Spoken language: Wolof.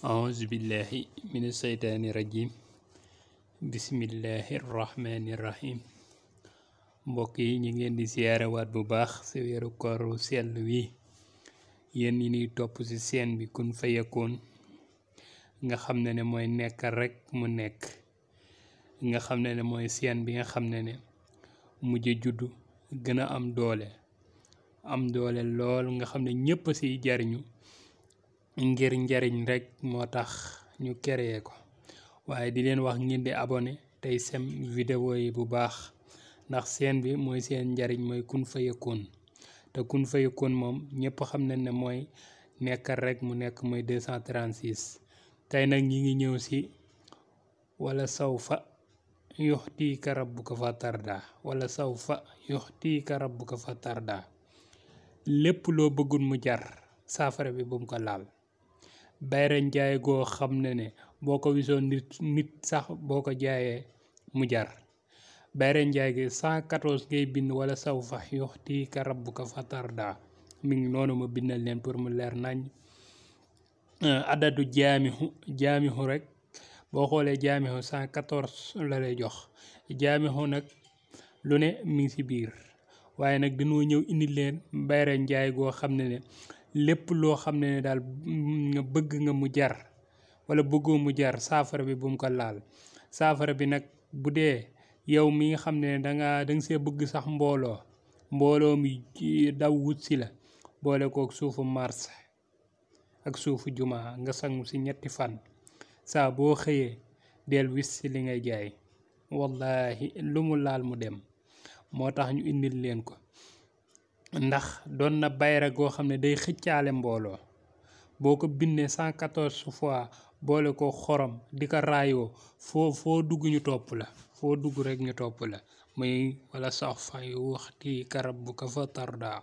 أعوذ بالله من الشيطان الرجيم بسم mbokk yi ñu ngeen di siyaarewaat bu baax ci weeru koor sell wi yéen yi ñuy topp ci seen bi kun fayakoon nga xam ne ne mooy nekk rek mu nekk nga xam ne ne mooy seen bi nga xam ne ne mujj juddu gën a am doole am doole lool nga xam ne ñépp a jariñu ngir njariñ rekk moo tax ñu créé ko waaye di leen wax ngeen di abone tey sem vidéo yi bu baax ndax seen bi mooy seen njariñ mooy kun fayakoon te kun fayakoon moom ñëpp xam nañ ne mooy nekkal rek mu nekk mooy 236 tey nag ñi ngi ñëw si wala saw fa yuxtiika rabbuka fa tarda wala saw fa yuxtiika rabbuka fa tarda lépp loo bëggul mu jar saafara bi bu ko laal bayra njaay goo xam ne ne boo ko wisoon nit nit sax boo ko jaayee mu jar bayra njaay gi 114 ngay bind wala saw fax yuxtiika rabbuka fatarda mi ngi noonu ma bindal leen pour mu leer nañ eh, adadu jaamihu jaamihu rek boo xoolee jaamihu 114 la lay jox jaamihu nag lu ne mu ngi ci biir waaye nag dañoo ñëw indi leen bayra goo xam ne ne lépp loo xam ne daal bëgg nga mu jar wala bëggoo mu jar saafara bi bu ko laal saafara bi nag bu dee yow mi nga xam ne da nga da see bëgg sax mbooloo mbooloo mi daw wut si la boole kook suufu mars ak suufu jumaa nga sangu si ñetti fan saa boo xëyee del wis si li ngay jaay wallahi lu mu laal mu dem moo tax ñu indil leen ko ndax doon na bayra goo xam ne day xëccaale mbooloo boo ko bindee cent quatorze fois boole ko xorom di ko raayoo foo foo dugg ñu topp la foo dugg rek ñu topp la muy wala sax fan yu waxti karab bu ko fa tardaa